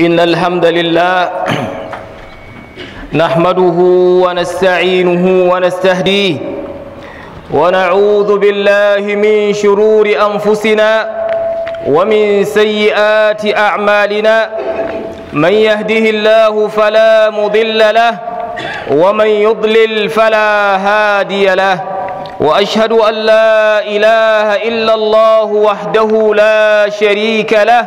إن الحمد لله نحمده ونستعينه ونستهديه ونعوذ بالله من شرور أنفسنا ومن سيئات أعمالنا من يهده الله فلا مضل له ومن يضلل فلا هادي له وأشهد أن لا إله إلا الله وحده لا شريك له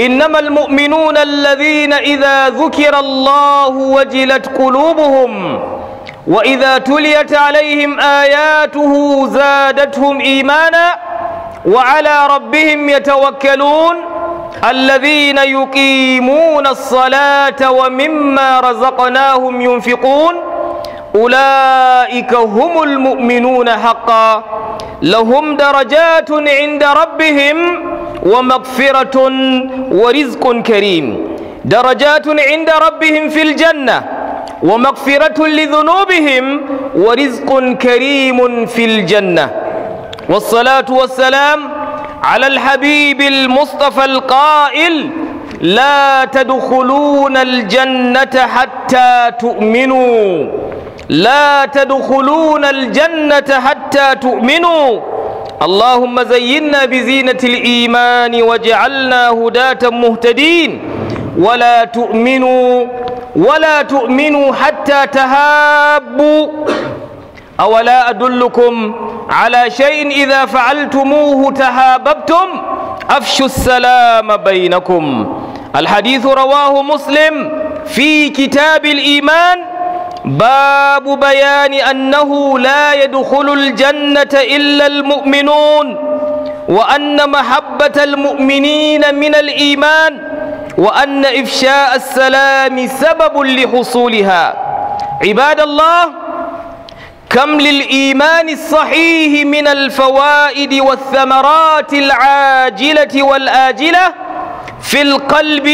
إنما المؤمنون الذين إذا ذكر الله وجلت قلوبهم وإذا تليت عليهم آياته زادتهم إيمانا وعلى ربهم يتوكلون الذين يقيمون الصلاة ومما رزقناهم ينفقون أولئك هم المؤمنون حقا لهم درجات عند ربهم ومغفرة ورزق كريم درجات عند ربهم في الجنة ومغفرة لذنوبهم ورزق كريم في الجنة والصلاة والسلام على الحبيب المصطفى القائل لا تدخلون الجنة حتى تؤمنوا لا تدخلون الجنة حتى تؤمنوا اللهم زينا بزينة الإيمان واجعلنا هداة مهتدين ولا تؤمنوا ولا تؤمنوا حتى تهابوا أولا أدلكم على شيء إذا فعلتموه تهاببتم أفشوا السلام بينكم الحديث رواه مسلم في كتاب الإيمان باب بيان أنه لا يدخل الجنة إلا المؤمنون وأن محبة المؤمنين من الإيمان وأن إفشاء السلام سبب لحصولها عباد الله كم للإيمان الصحيح من الفوائد والثمرات العاجلة والآجلة في القلب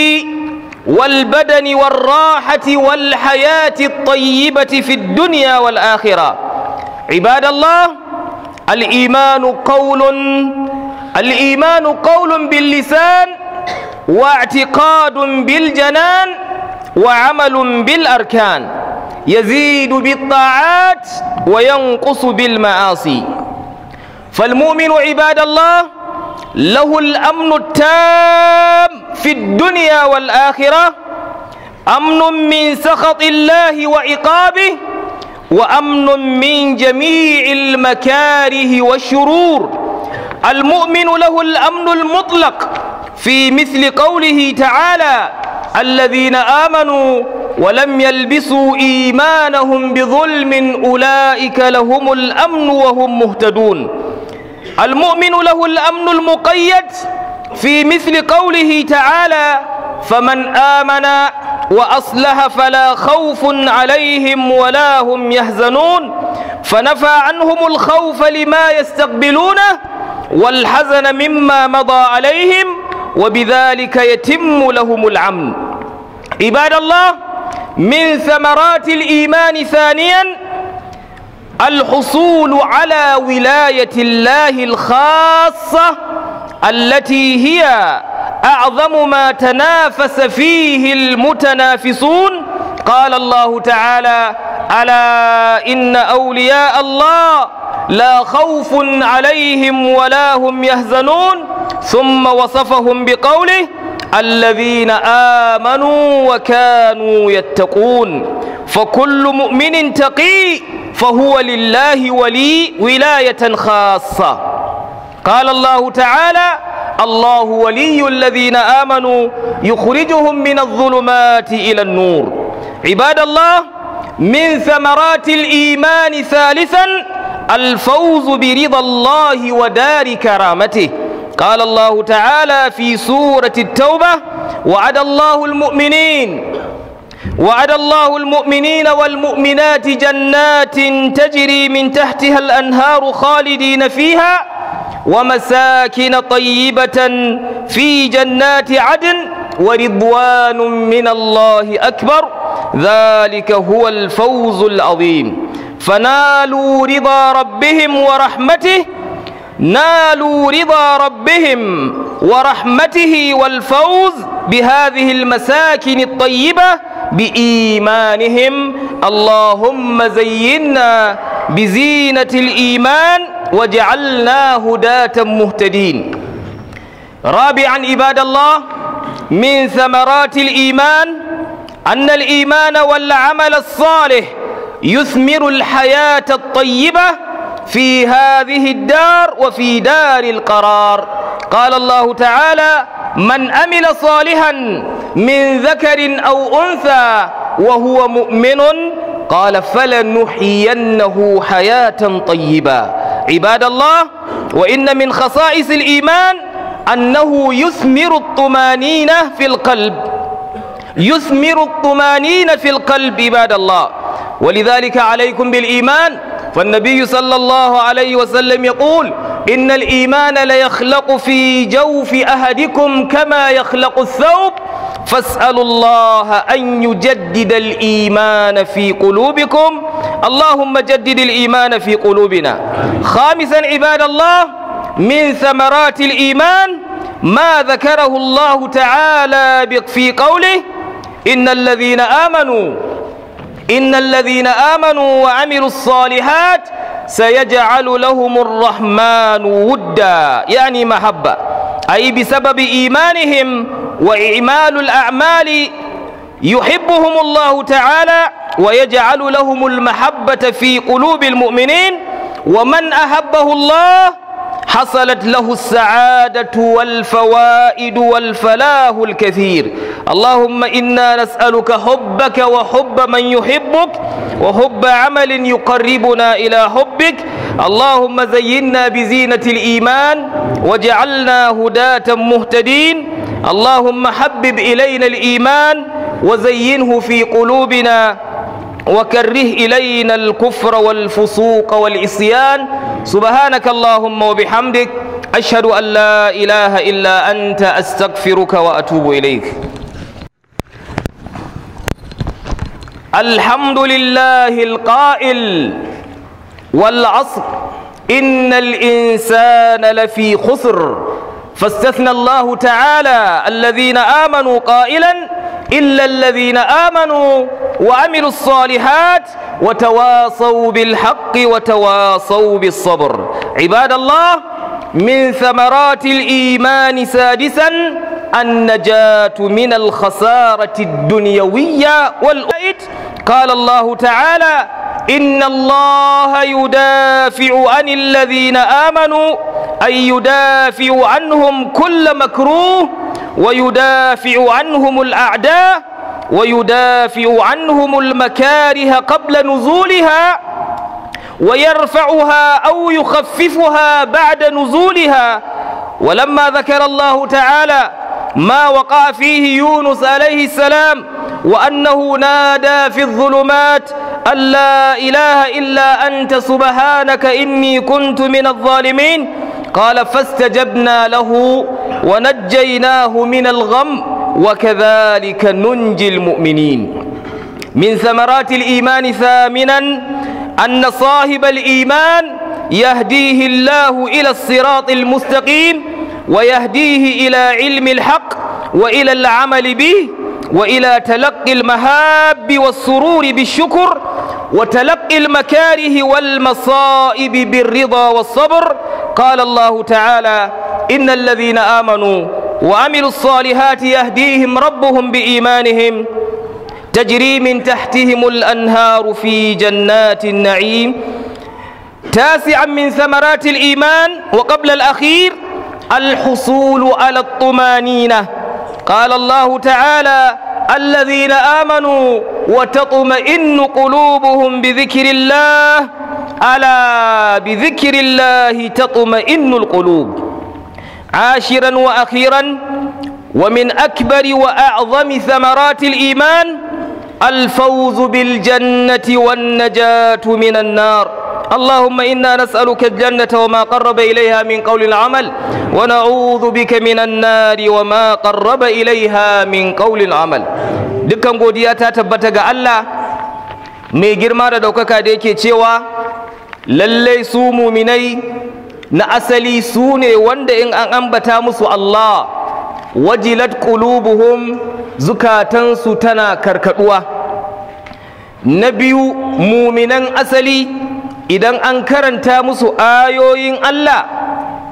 والبدن والراحة والحياة الطيبة في الدنيا والآخرة عباد الله الإيمان قول الإيمان قول باللسان واعتقاد بالجنان وعمل بالأركان يزيد بالطاعات وينقص بالمعاصي فالمؤمن عباد الله له الأمن التام في الدنيا والآخرة أمن من سخط الله وعقابه وأمن من جميع المكاره والشرور المؤمن له الأمن المطلق في مثل قوله تعالى الذين آمنوا ولم يلبسوا إيمانهم بظلم أولئك لهم الأمن وهم مهتدون المؤمن له الأمن المقيد في مثل قوله تعالى فمن آمن وأصلح فلا خوف عليهم ولا هم يحزنون فنفى عنهم الخوف لما يستقبلونه والحزن مما مضى عليهم وبذلك يتم لهم العمل عباد الله من ثمرات الإيمان ثانياً الحصول على ولاية الله الخاصة التي هي أعظم ما تنافس فيه المتنافسون قال الله تعالى ألا إن أولياء الله لا خوف عليهم ولا هم يحزنون ثم وصفهم بقوله الذين آمنوا وكانوا يتقون فكل مؤمن تقي فهو لله ولي ولاية خاصة قال الله تعالى الله ولي الذين آمنوا يخرجهم من الظلمات إلى النور عباد الله من ثمرات الإيمان ثالثا الفوز برضا الله ودار كرامته قال الله تعالى في سورة التوبة وعد الله المؤمنين وعد الله المؤمنين والمؤمنات جنات تجري من تحتها الأنهار خالدين فيها ومساكن طيبة في جنات عدن ورضوان من الله أكبر ذلك هو الفوز العظيم فنالوا رضا ربهم ورحمته نالوا رضا ربهم ورحمته والفوز بهذه المساكن الطيبة بإيمانهم اللهم زينا بزينة الإيمان وجعلنا هداة مهتدين رابعا عباد الله من ثمرات الإيمان أن الإيمان والعمل الصالح يثمر الحياة الطيبة في هذه الدار وفي دار القرار قال الله تعالى من أمل صالحا من ذكر أو أنثى وهو مؤمن قال فلنحيينه حياة طيبة عباد الله وإن من خصائص الإيمان أنه يثمر الطمانينة في القلب يثمر الطمانينة في القلب عباد الله ولذلك عليكم بالإيمان فالنبي صلى الله عليه وسلم يقول إن الإيمان ليخلق في جوف أحدكم كما يخلق الثوب فاسألوا الله أن يجدد الإيمان في قلوبكم اللهم جدد الإيمان في قلوبنا خامسا عباد الله من ثمرات الإيمان ما ذكره الله تعالى في قوله إن الذين آمنوا إن الذين آمنوا وعملوا الصالحات سيجعل لهم الرحمن ودا يعني محبة أي بسبب إيمانهم وإعمال الأعمال يحبهم الله تعالى ويجعل لهم المحبة في قلوب المؤمنين ومن أحبه الله حصلت له السعادة والفوائد والفلاح الكثير اللهم إنا نسألك حبك وحب من يحبك وحب عمل يقربنا إلى حبك اللهم زينا بزينة الإيمان وجعلنا هداة مهتدين اللهم حبب إلينا الإيمان وزينه في قلوبنا وكره إلينا الكفر والفسوق والعصيان سبحانك اللهم وبحمدك أشهد أن لا إله إلا أنت أستغفرك وأتوب إليك الحمد لله القائل والعصر إن الإنسان لفي خسر فاستثنى الله تعالى الذين آمنوا قائلا إلا الذين آمنوا وعملوا الصالحات وتواصوا بالحق وتواصوا بالصبر عباد الله من ثمرات الإيمان سادسا النجاة من الخسارة الدنيوية والأيت قال الله تعالى إن الله يدافع عن الذين آمنوا أي يدافع عنهم كل مكروه ويدافع عنهم الأعداء ويدافع عنهم المكاره قبل نزولها ويرفعها أو يخففها بعد نزولها ولما ذكر الله تعالى ما وقع فيه يونس عليه السلام وأنه نادى في الظلمات أن لا إله إلا أنت سبحانك إني كنت من الظالمين قال فاستجبنا له ونجيناه من الغم وكذلك ننجي المؤمنين من ثمرات الإيمان ثامناً أن صاحب الإيمان يهديه الله إلى الصراط المستقيم ويهديه إلى علم الحق وإلى العمل به وإلى تلقي المهاب والسرور بالشكر وتلقي المكاره والمصائب بالرضا والصبر قال الله تعالى إن الذين آمنوا وعملوا الصالحات يهديهم ربهم بإيمانهم تجري من تحتهم الأنهار في جنات النعيم تاسعا من ثمرات الإيمان وقبل الأخير الحصول على الطمانينة قال الله تعالى الذين آمنوا وتطمئن قلوبهم بذكر الله ألا بذكر الله تطمئن القلوب عاشرا وأخيرا ومن أكبر وأعظم ثمرات الإيمان الفوز بالجنة والنجاة من النار اللهم إنا نسألك الجنة وما قرب إليها من قول عمل ونعوذ بك من النار وما قرب إليها من قول عمل dukkan godiya ta tabbata ga Allah mai girma da ɗaukaka da yake cewa lallai su muminai na asali su ne wanda in an ambata musu Allah wajilat qulubuhum zukatansu tana karkaduwa na biyu muminan asali idan an karanta musu ayoyin Allah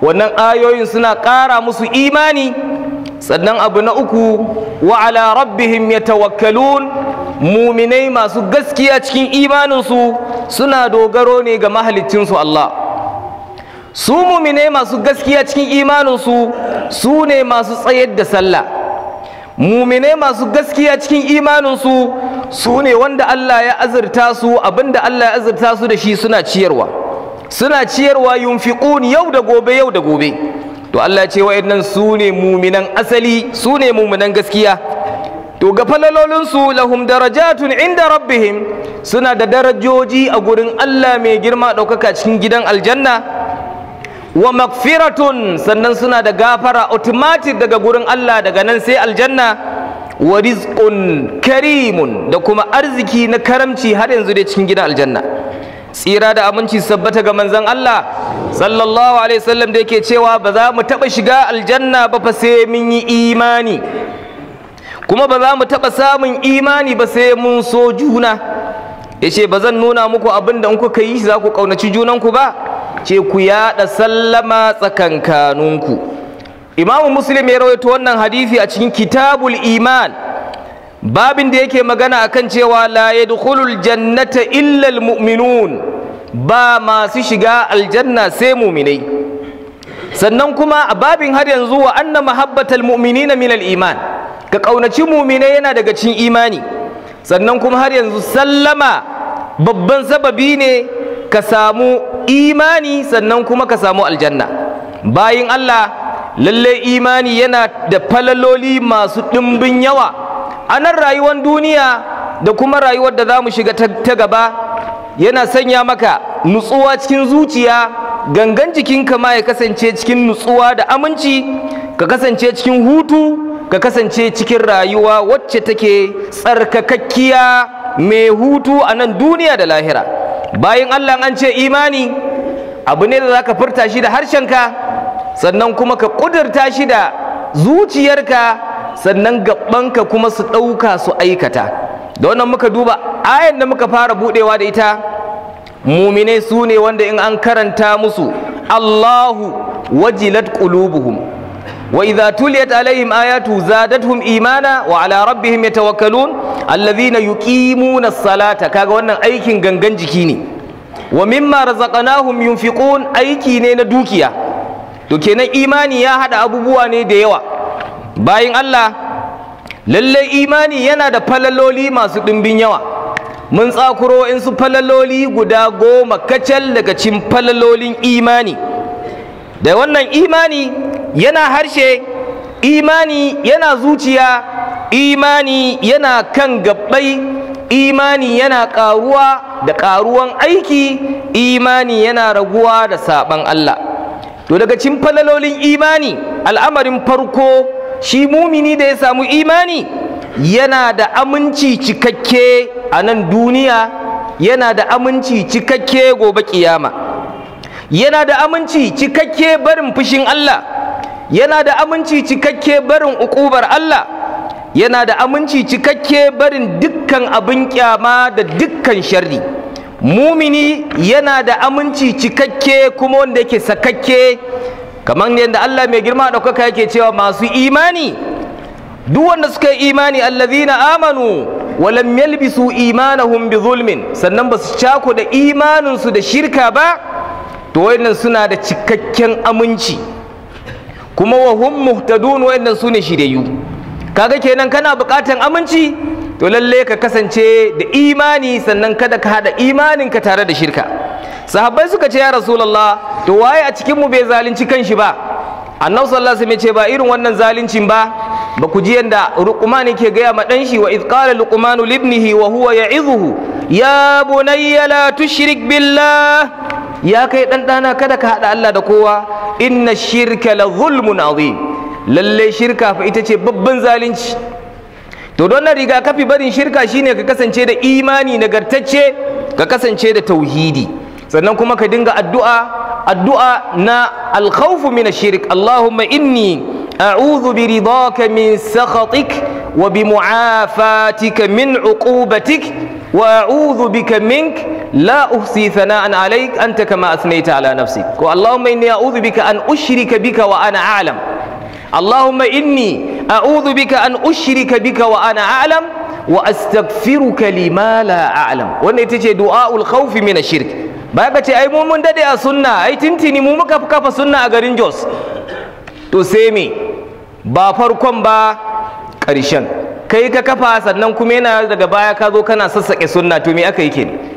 wannan ayoyin suna ƙara musu imani sannan abu na uku wa ala rabbihim yatawakkalun muminai masu gaskiya cikin imaninsu suna dogaro ne ga mahalicinsu Allah su mumine masu gaskiya cikin imaninsu su ne masu tsayar da sallah mumine masu gaskiya cikin imaninsu su ne wanda Allah ya azurta su abinda Allah ya azurta su da shi suna ciyarwa suna ciyarwa yunfiqun yau da gobe yau da gobe to Allah ce wa'annan su ne muminan asali su ne muminan gaskiya to ga falalolinsu lahum darajatun inda rabbihim suna da darajoji a gurin Allah mai girma ɗaukaka cikin gidan aljanna wa magfiratun sannan suna da gafara automatic daga gurin Allah daga nan sai aljanna wa rizqun karimun da kuma arziki na karamci har yanzu dai cikin gidan aljanna tsira da aminci sabbata ga manzon Allah sallallahu alaihi wasallam da yake cewa ba za mu taba shiga aljanna ba fa sai mun yi imani kuma ba za mu taba samun imani ba sai mun so juna yace ba zan nuna muku abinda da in kuka yi za ku kaunaci junanku ba ce ku yaɗa sallama tsakankaninku imamu muslim ya rawaito wannan hadisi a cikin kitabul iman babin da yake magana akan cewa la yadkhulul jannata illa mu'minun ba masu shiga aljanna sai muminai sannan kuma a babin har yanzu wa anna mahabbatal mu'minina min iman ka kaunaci muminai yana daga cikin imani sannan kuma har yanzu sallama babban sababi ne ka samu imani sannan kuma ka samu aljanna bayin Allah lallai imani yana da falaloli masu ɗimbin yawa a nan rayuwar duniya da kuma rayuwar da za mu shiga ta gaba yana sanya maka nutsuwa cikin zuciya gangan jikinka ma ya kasance cikin nutsuwa da aminci ka kasance cikin hutu ka kasance cikin rayuwa wacce take tsarkakakkiya mai hutu a nan duniya da lahira bayan Allah an ce imani abu ne da za ka furta shi da harshenka sannan kuma ka kudurta shi da zuciyarka sannan gabanka kuma su ɗauka su aikata da wannan muka duba ayan da muka fara budewa da ita mumine su ne wanda in an karanta musu Allahu wajilat qulubuhum وإذا تليت عليهم آياته زادتهم إيمانا rabbihim ربهم يتوكلون الذين يقيمون الصلاة كاغا wannan aikin gangan jiki ne wa mimma razaqnahum yunfiqun aiki ne na dukiya to kenan imani ya hada abubuwa ne da yawa bayin Allah lalle imani yana da falaloli masu dimbin yawa mun tsakuro in su falaloli guda goma kacal daga cin falalolin imani da wannan imani yana harshe imani yana zuciya imani yana kan gabbai imani yana karuwa da karuwan aiki imani yana raguwa da saban Allah to daga cin falalolin imani al'amarin farko shi mumini da ya samu imani yana da aminci cikakke a nan duniya yana da aminci cikakke gobe kiyama yana da aminci cikakke barin fushin Allah yana da aminci cikakke barin ukubar Allah yana da aminci cikakke barin dukkan abin kyama da dukkan sharri mumini yana da aminci cikakke kuma wanda yake sakakke kamar yadda Allah mai girma ɗaukaka yake cewa masu imani duk wanda suka yi imani allazina amanu walam yalbisu imanahum bi zulmin sannan basu cako da imaninsu da shirka ba to wayannan suna da cikakken aminci kuma wa hum muhtadun wa'annan su ne shiriyu kaga kenan kana buƙatan aminci to lalle ka kasance da imani sannan kada ka hada ka tare da shirka sahabbai suka ce ya rasulullah to waye a cikin mu bai zalunci kanshi ba annabi sallallahu alaihi wasallam ya ce ba irin wannan zaluncin ba ba ku ji yanda ruqman yake gaya ma dan shi wa iz qala luqman libnihi wa huwa ya'izuhu ya bunayya la tushrik billah ya kai ɗanɗana kada ka haɗa Allah da kowa inna shirka la zulmun azim lalle shirka fa ita ce babban zalunci to don na riga kafi barin shirka shine ka kasance da imani nagartacce ka kasance da tauhidi sannan kuma ka dinga addu'a addu'a na alkhawfu min ash-shirk Allahumma inni a'udhu bi ridaka min sakhatik wa bi mu'afatika min uqubatik wa a'udhu bika mink la uhsi thana'an alayk anta kama athnayta ala nafsi ko allahumma inni a'udhu bika an ushrika bika wa ana allahumma inni a'udhu bika an ushrika bika wa ana wa astaghfiruka lima la a'lam wannan ita ce du'aul khawf min ash-shirk ba ka ce ai mu mun dade a sunna ai tintini mu muka kafa sunna a garin Jos to sai me ba farkon ba ƙarshen kai ka kafa sannan kuma yana daga baya ka zo kana sassake sunna to me aka yi kenan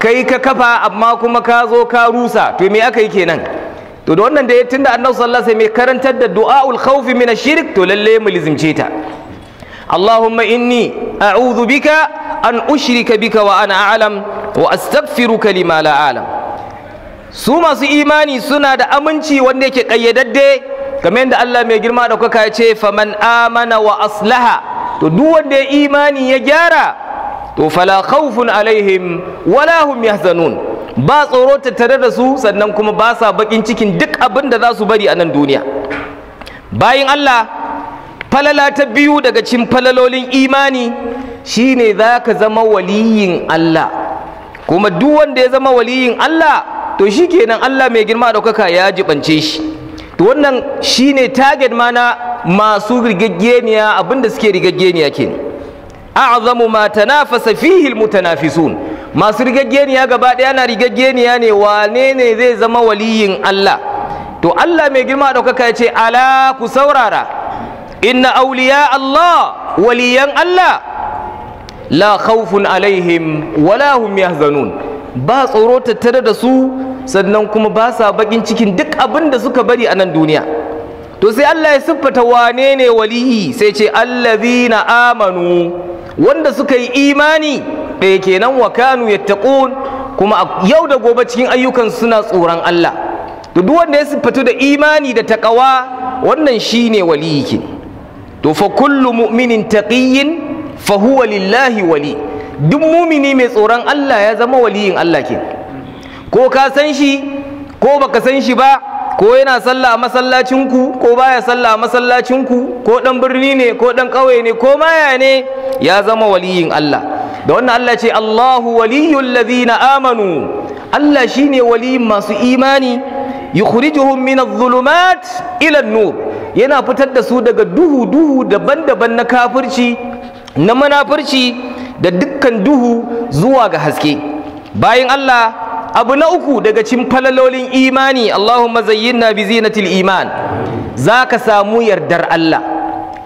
kai ka kafa amma kuma ka zo ka rusa to me aka yi kenan to da wannan da ya tunda annabi sallallahu alaihi wasallam mai karantar da du'aul khawf min ash-shirk to lalle mu lizimce ta Allahumma inni a'udhu bika an ushrika bika wa ana a'lam wa astaghfiruka lima la a'lam su masu imani suna da aminci wanda yake kayyadadde kamar yadda Allah mai girma da kuka ya ce faman amana wa aslaha to duk wanda ya imani ya gyara to fala khawfun alaihim wala hum yahzanun ba tsoro tattare da su sannan kuma ba sa bakin cikin duk abin da za su bari a nan duniya bayin Allah falala ta biyu daga cikin falalolin imani shine za ka zama waliyin Allah kuma duk wanda ya zama waliyin Allah to shi kenan Allah mai girma kuka ya jibance shi to wannan shine target ma na masu rigaggeniya abinda suke rigaggeniya kenan a'zamu ma tanafasa fihi almutanafisun masu rigaggeniya gaba daya na rigaggeniya ne wane ne zai zama waliyin Allah to Allah mai girma daukaka ya ce ala ku saurara inna awliya Allah waliyan Allah la khawfun alaihim wala hum yahzanun ba tsoro tattare da su sannan kuma ba sa bakin cikin duk abin da suka bari a nan duniya to sai Allah ya siffata wane ne waliyi sai ce na amanu wanda suka yi imani ɗaya kenan wa kanu yattaqun kuma yau da gobe cikin ayyukan suna tsoron Allah to duk wanda ya siffatu da imani da takawa wannan shine waliyi ke to fa kullu mu'minin taqiyyin fa huwa lillahi wali duk mumini mai tsoron Allah ya zama waliyin Allah ke ko ka san shi ko baka san shi ba ko yana sallah a masallacinku ko baya sallah a masallacinku ko dan birni ne ko dan ƙauye ne ko maya ne ya zama waliyin Allah da wannan Allah ce Allahu waliyul ladina amanu Allah shine waliyin masu imani yukhrijuhum min adh-dhulumat ila an-nur yana fitar da su daga duhu duhu daban-daban na kafirci na munafurci da dukkan duhu zuwa ga haske bayin Allah abu na uku daga cikin falalolin imani Allahumma zayyinna bi zinatil iman zaka samu yardar Allah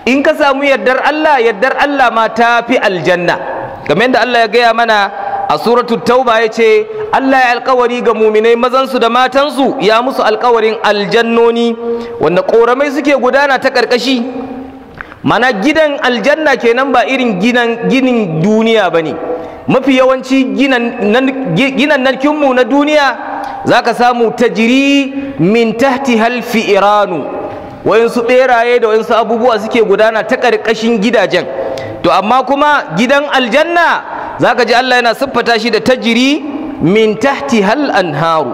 in ka samu yardar Allah yardar Allah ma ta fi aljanna kamar yadda Allah ya gaya mana a suratul tauba ya ce, Allah ya alkawari ga muminai mazansu da matansu ya musu alkawarin aljannoni wanda koramai suke gudana ta karkashi mana gidan aljanna kenan ba irin ginin duniya bane mafi yawanci ginannakinmu na duniya za ka samu tajiri min tahti halfi iranu wayansu ɓeraye da wayansu abubuwa suke gudana ta ƙarƙashin gidajen to amma kuma gidan aljanna za ka ji allah yana siffata shi da tajiri min tahti hal anharu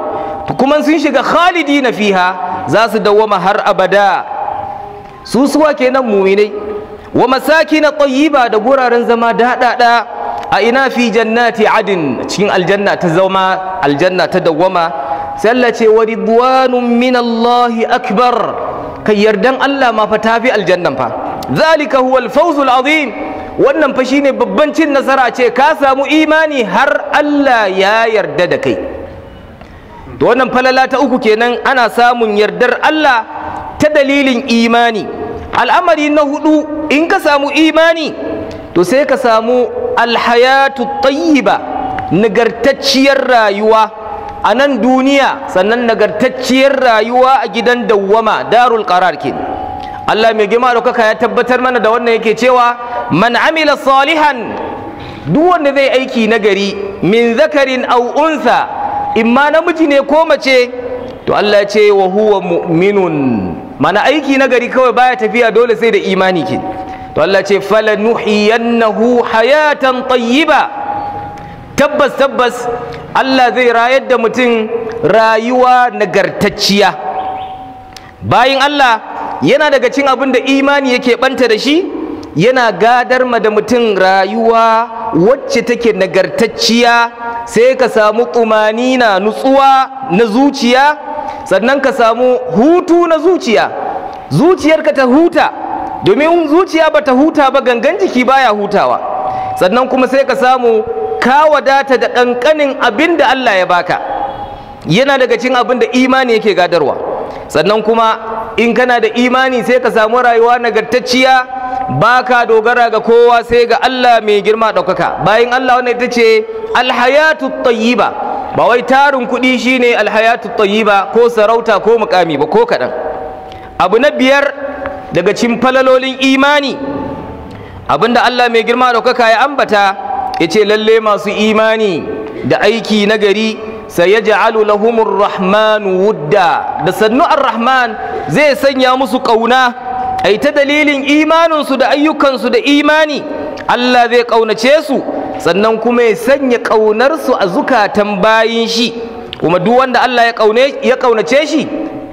kuma sun shiga khalidi na fiha za su dawwama har abada su suwa kenan muminai wa masakina tayyiba da guraren zama daɗaɗa a ina fi jannati adin cikin aljanna ta zama aljanna ta dawwama sai Allah ce wa ridwanun min Allah akbar kai yardan Allah ma fa tafi aljannan fa zalika huwa al-fawzul azim wannan fa shine babban cin nasara ce ka samu imani har Allah ya yarda da kai to wannan falala ta uku kenan ana samun yardar Allah ta dalilin imani al'amari na hudu in ka samu imani to sai ka samu alhayatu tayyiba nagartacciyar rayuwa a nan duniya sannan nagartacciyar rayuwa a gidan dawwama darul qarar ke Allah mai girma da kaka ya tabbatar mana da wannan yake cewa man amila salihan duk wanda zai aiki nagari min zakarin aw unsa imma namiji ne ko mace to Allah ya ce wa huwa mu'minun mana aiki nagari kawai baya tafiya dole sai da imani ke to Allah ce fala nuhiyannahu hayatan tayyiba tabbas tabbas Allah zai rayar da mutum rayuwa nagartacciya bayin Allah yana daga cin abin da imani yake banta da shi yana gadar ma da mutum rayuwa wacce take nagartacciya sai ka samu tsumani na nutsuwa na zuciya sannan ka samu hutu na zuciya zuciyarka ta huta domin zuciya bata huta ba gangan jiki baya hutawa sannan kuma sai ka samu ka wadata da ƙanƙanin abin da Allah ya baka yana daga cikin abin da imani yake gadarwa sannan kuma in kana da imani sai ka samu rayuwa nagartacciya baka dogara ga kowa sai ga Allah mai girma ɗaukaka bayan Allah wannan ita ce alhayatu tayyiba ba wai tarin kuɗi shine alhayatu tayyiba ko sarauta ko mukami ba ko kaɗan abu na biyar daga cikin falalolin imani abinda Allah mai girma ɗaukaka ya ambata ya ce lalle masu imani da aiki na gari sai ya ja'alu lahumur rahmanu wudda da sannu ar-rahman zai sanya musu ƙauna ai ta dalilin imaninsu da ayyukansu da imani Allah zai ƙaunace su sannan kuma ya sanya ƙaunarsu a zukatan bayin shi kuma duk wanda Allah ya ƙaunace shi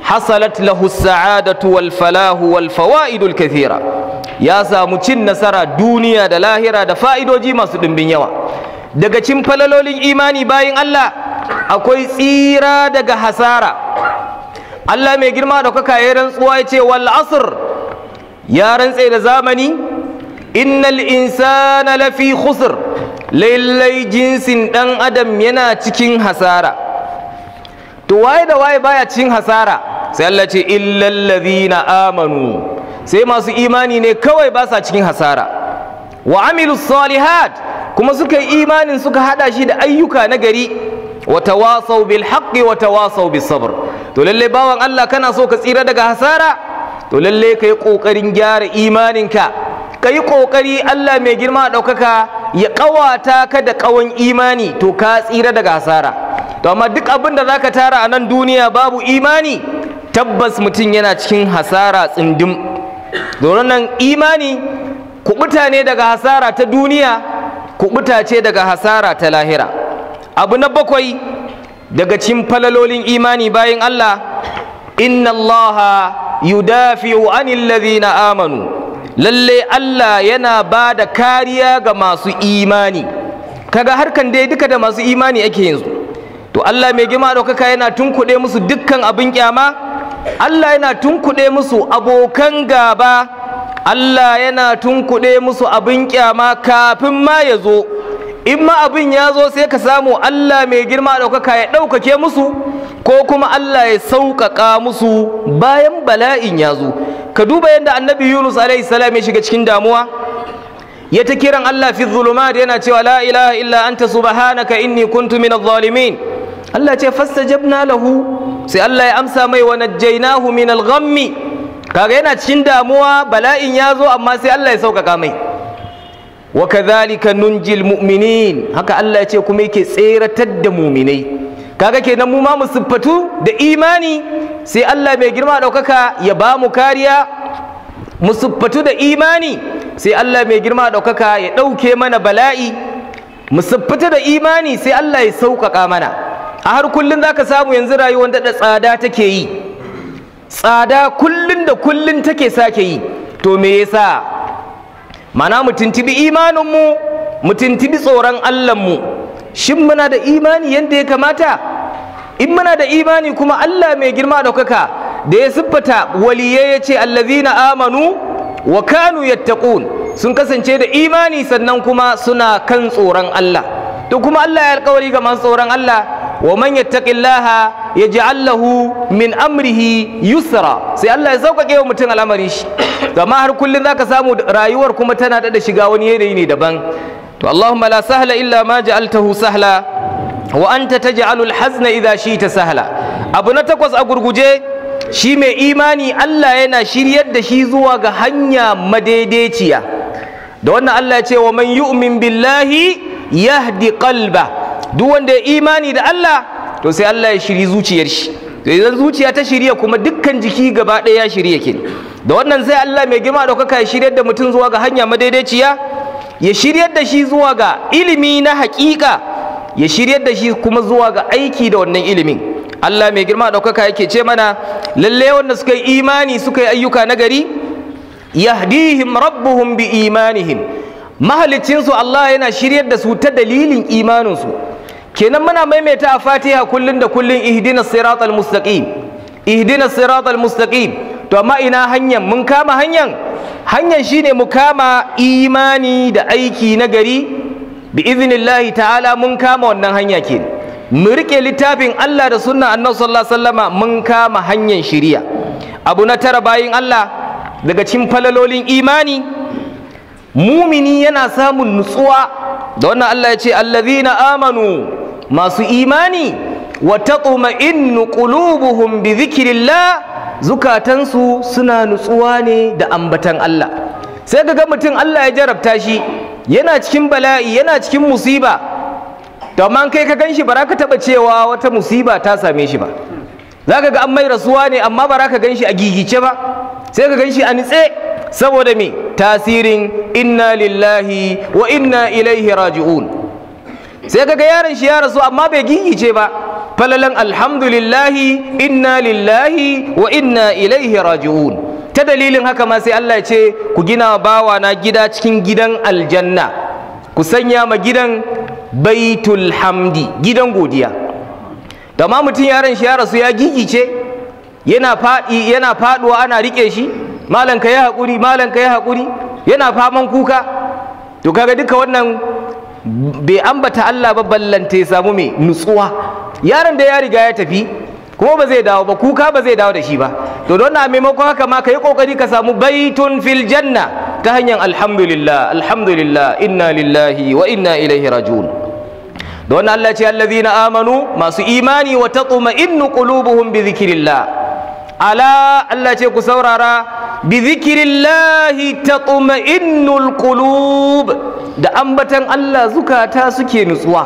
hasalat lahu sa'adatu wal falahu wal fawaidul kathira ya samu cin nasara duniya da lahira da fa'idoji masu dimbin yawa daga cin falalolin imani bayin Allah akwai tsira daga hasara Allah mai girma da kuka ya rantsuwa ya ce wal asr ya rantse da zamani innal insana lafi khusr lailai jinsin dan adam yana cikin hasara to waye da waye baya cin hasara sai Allah ce illal ladhina amanu sai masu imani ne kawai ba sa cikin hasara wa amilus salihat kuma suka yi imanin suka hada shi da ayyuka na gari wa tawasaw bil haqqi wa tawasaw bis sabr to lalle bawan Allah kana so ka tsira daga hasara to lalle kai kokarin gyara imaninka kai kokari Allah mai girma daukaka ya kawata ka da kawan imani to ka tsira daga hasara to amma duk abin da zaka tara a nan duniya babu imani tabbas mutum yana cikin hasara tsindim domin nan imani kubuta ne daga hasara ta duniya kubuta ce daga hasara ta lahira abu na bakwai daga cikin falalolin imani bayan Allah inna Allah yudafi'u anil ladhina amanu lalle Allah yana ba da kariya ga masu imani kaga harkan dai duka da masu imani ake yanzu to Allah mai girma ɗaukaka yana tunkuɗe musu dukkan abin kyama Allah yana tunkuɗe musu abokan gaba Allah yana tunkuɗe musu abin kyama kafin ma ya zo in ma abin ya zo sai ka samu Allah mai girma ɗaukaka ya ɗaukake musu ko kuma Allah ya sauƙaƙa musu bayan bala'in ya zo ka duba yadda annabi Yunus alaihi salam ya shiga cikin damuwa ya ta kiran Allah fi zulumat yana cewa la ilaha illa anta subhanaka inni kuntu minadh zalimin Allah ce fastajabna lahu sai Allah ya amsa mai wa najjaynahu minal ghammi kaga yana cikin damuwa bala'in ya zo amma sai Allah ya sauƙaƙa mai wa kadhalika nunjil mu'minin haka Allah ya ce kuma yake tseratar da mu'minai kaga kenan mu ma mu siffatu da imani sai Allah mai girma ɗaukaka ya ba mu kariya mu siffatu da imani sai Allah mai girma ɗaukaka ya ɗauke mana bala'i mu fita da imani sai Allah ya sauƙaƙa mana a har kullum za ka samu yanzu rayuwar da tsada take yi tsada kullum da kullum take sake yi to me yasa mana mu tuntubi imaninmu mu tuntubi tsoron Allahnmu shin muna da imani yadda ya kamata in muna da imani kuma Allah mai girma ɗaukaka da ya siffata waliyai ya ce allazina amanu wa kanu yattaqun sun kasance da imani sannan kuma suna kan tsoron Allah to kuma Allah ya alƙawari ga man tsoron Allah wa man yattaqillaha yaj'al lahu min amrihi yusra sai Allah ya sauƙaƙe wa mutum al'amarin shi amma har kullun zaka samu rayuwar kuma tana da shiga wani yanayi ne daban to Allahumma la sahla illa ma ja'altahu sahla wa anta taj'alul hazna idha shi'ta sahla abu na takwas a gurguje shi mai imani Allah yana shiryar da shi zuwa ga hanya madaidaiciya da wannan Allah ya ce wa man yu'min billahi yahdi qalba duk wanda ya imani da Allah to sai Allah ya shiri zuciyar shi to idan zuciya ta shirya kuma dukkan jiki gaba ɗaya ya shirya ke da wannan sai Allah mai girma ɗaukaka ya shiryar da mutum zuwa ga hanya madaidaiciya ya shiryar da shi zuwa ga ilimi na haƙiƙa ya shiryar da shi kuma zuwa ga aiki da wannan ilimin Allah mai girma ɗaukaka yake ce mana lalle wanda suka yi imani suka yi ayyuka na gari yahdihim rabbuhum bi imanihim mahalicinsu Allah yana shiryar da su ta dalilin imaninsu kenan muna maimaita a fatiha kullun da kullun ihdina siratal mustaqim ihdina siratal mustaqim to amma ina hanyar mun kama hanyar hanyar shine mu kama imani da aiki na gari bi iznillahi ta'ala mun kama wannan hanya kenan mu rike littafin Allah da sunna annabi sallallahu alaihi wasallama mun kama hanyar shiriya abu na tara bayin Allah daga cikin falalolin imani mumini yana samun nutsuwa da wannan Allah ya ce allazina amanu masu imani wa in qulubuhum bi dhikrillah zukatansu suna nutsuwa ne da ambatan Allah sai ga mutum Allah ya jarabta shi yana cikin bala'i yana cikin musiba to amma kai ka ganshi bara ka taɓa cewa wata musiba ta same shi ba za ka ga an mai rasuwa ne amma ba za ka ganshi a gigice ba sai ka ganshi a nitse saboda me tasirin inna lillahi wa inna ilaihi raji'un sai ka ga yaron shi ya rasu amma bai gigice ba falalan alhamdulillahi inna lillahi wa inna ilaihi raji'un ta dalilin haka ma sai Allah ya ce ku gina bawa na gida cikin gidan aljanna ku sanya ma gidan baitul hamdi gidan godiya da ma mutum yaron shi ya rasu ya gigice yana fadi yana faɗuwa ana rike shi malan kai hakuri malan kai hakuri yana faman kuka to kaga duka wannan bai ambata Allah ba ballante samu mai nutsuwa yaron da ya riga ya tafi kuma ba zai dawo ba kuka ba zai dawo da shi ba to don na maimakon haka ma ka yi ƙoƙari ka samu baitun fil janna ta hanyar alhamdulillah alhamdulillah inna lillahi wa inna ilaihi rajiun da wannan Allah ce na amanu masu imani wa taqma'innu qulubuhum bi dhikrillah ala Allah ce ku saurara bi ta taqma'innul kulub. da ambatan Allah zukata suke nutsuwa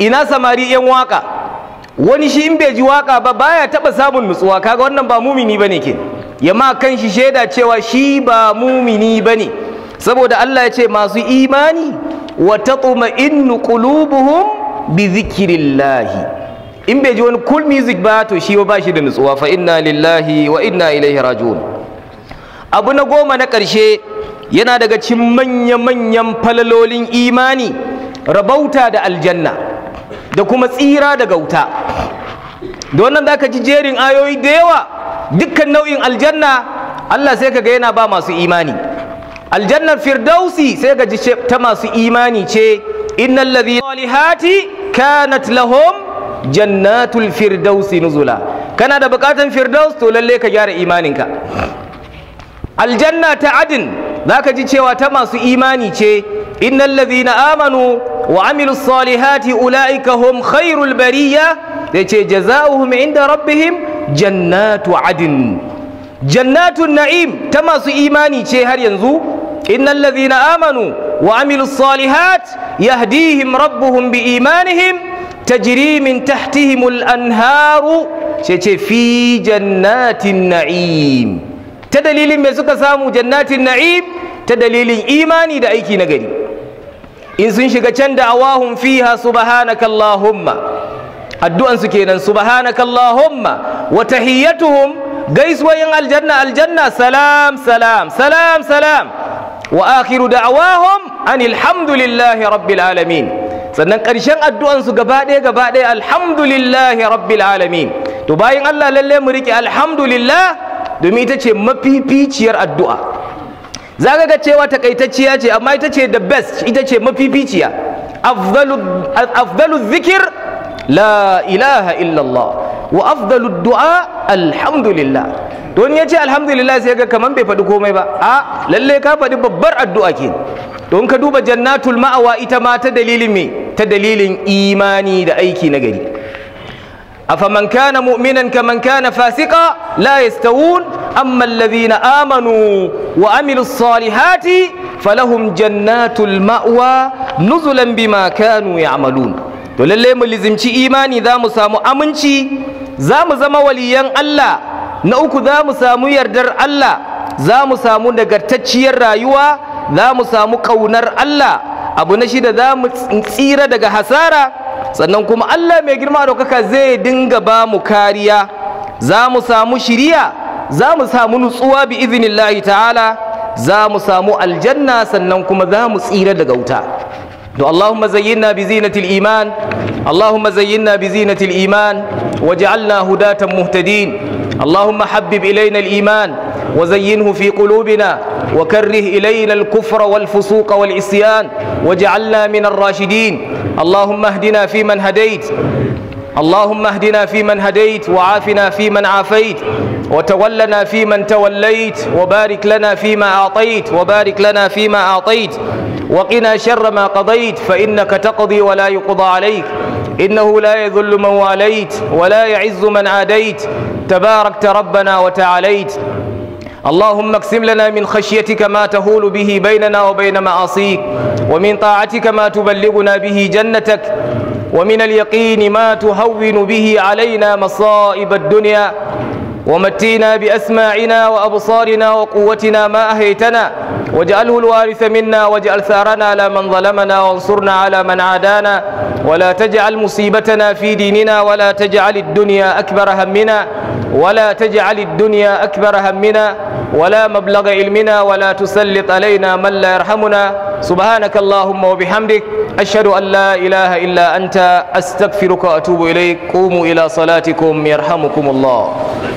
ina samari yan waka wani shi in bai ji waka ba baya taba samun nutsuwa kaga wannan ba mumini bane ke ya ma kan shi shaida cewa shi ba mumini ba ne saboda Allah ya ce masu imani wa taqma'innu qulubuhum bi zikirillahi in bai ji wani cool music ba to shi ba shi da nutsuwa fa inna lillahi wa inna ilaihi raji'un abu na goma na ƙarshe yana daga cikin manya-manyan falalolin imani rabauta da aljanna da kuma tsira daga wuta da wannan za ka ji jerin ayoyi da yawa dukkan nau'in aljanna Allah sai kaga yana ba masu imani aljannar firdausi sai ga ta masu imani ce innal ladhi kanat lahum jannatul firdausi nuzula kana da bukatan firdaus to lalle ka gyara imaninka aljanna ta adin zaka ji cewa ta masu imani ce innal ladhina amanu wa amilus salihati ulaika hum khairul bariya yace jazaohum inda rabbihim jannatu adin jannatun na'im ta masu imani ce har yanzu innal ladhina amanu wa amilus salihat yahdihim rabbuhum bi imanihim tajri min tahtihimul anharu ce ce fi jannatin na'im ta dalilin me suka samu jannatin na'im ta dalilin imani da aiki na gari in sun shiga can da awahum fiha subhanakallahumma addu'ansu kenan subhanakallahumma wa tahiyyatuhum gaisuwayin aljanna aljanna salam salam salam salam wa akhiru da'awahum an alhamdulillahi rabbil alamin sannan ƙarshen addu'ansu su gaba ɗaya gaba ɗaya alhamdulillahi rabbil alamin to bayan Allah lalle mu rike alhamdulillah domin ita ce mafificiyar addu'a zaka ga cewa takaitacciya ce amma ita ce the best ita ce mafificiya afdalu afdalu la ilaha illallah wa afdalu du'a alhamdulillah to in yace alhamdulillah sai ga kaman bai faɗi komai ba a lalle ka faɗi babbar addu'a ke to in ka duba jannatul ma'awa ita ma ta dalilin me ta dalilin imani da aiki na gari afaman kana mu'minan kaman kana fasika la yastawun amma alladhina amanu wa amilus salihati falahum jannatul ma'wa nuzulan bima kanu to lallai mu lizimci imani za mu samu aminci za mu zama waliyan Allah na uku za mu samu yardar Allah za mu samu nagartacciyar rayuwa za mu samu ƙaunar Allah abu na shida za mu tsira daga hasara sannan kuma Allah mai girma ɗaukaka zai dinga ba mu kariya za mu samu shiriya za mu samu nutsuwa bi izinillahi ta'ala za mu samu aljanna sannan kuma za mu tsira daga wuta دو اللهم زيننا بزينة الإيمان اللهم زيننا بزينة الإيمان وجعلنا هداة مهتدين اللهم حبب إلينا الإيمان وزينه في قلوبنا وكره إلينا الكفر والفسوق والعصيان واجعلنا من الراشدين اللهم اهدنا فيمن هديت اللهم اهدنا فيمن هديت وعافنا فيمن عافيت وتولنا فيمن توليت وبارك لنا فيما أعطيت وبارك لنا فيما أعطيت وقنا شر ما قضيت فإنك تقضي ولا يقضى عليك إنه لا يذل من واليت ولا يعز من عاديت تباركت ربنا وتعاليت اللهم اقسم لنا من خشيتك ما تهول به بيننا وبين معاصيك ومن طاعتك ما تبلغنا به جنتك ومن اليقين ما تهون به علينا مصائب الدنيا ومتينا بأسماعنا وأبصارنا وقوتنا ما أهيتنا واجعله الوارث منا واجعل ثارنا على من ظلمنا وانصرنا على من عادانا ولا تجعل مصيبتنا في ديننا ولا تجعل الدنيا أكبر همنا ولا تجعل الدنيا أكبر همنا ولا مبلغ علمنا ولا تسلط علينا من لا يرحمنا سبحانك اللهم وبحمدك أشهد أن لا إله إلا أنت أستغفرك وأتوب إليك قوموا إلى صلاتكم يرحمكم الله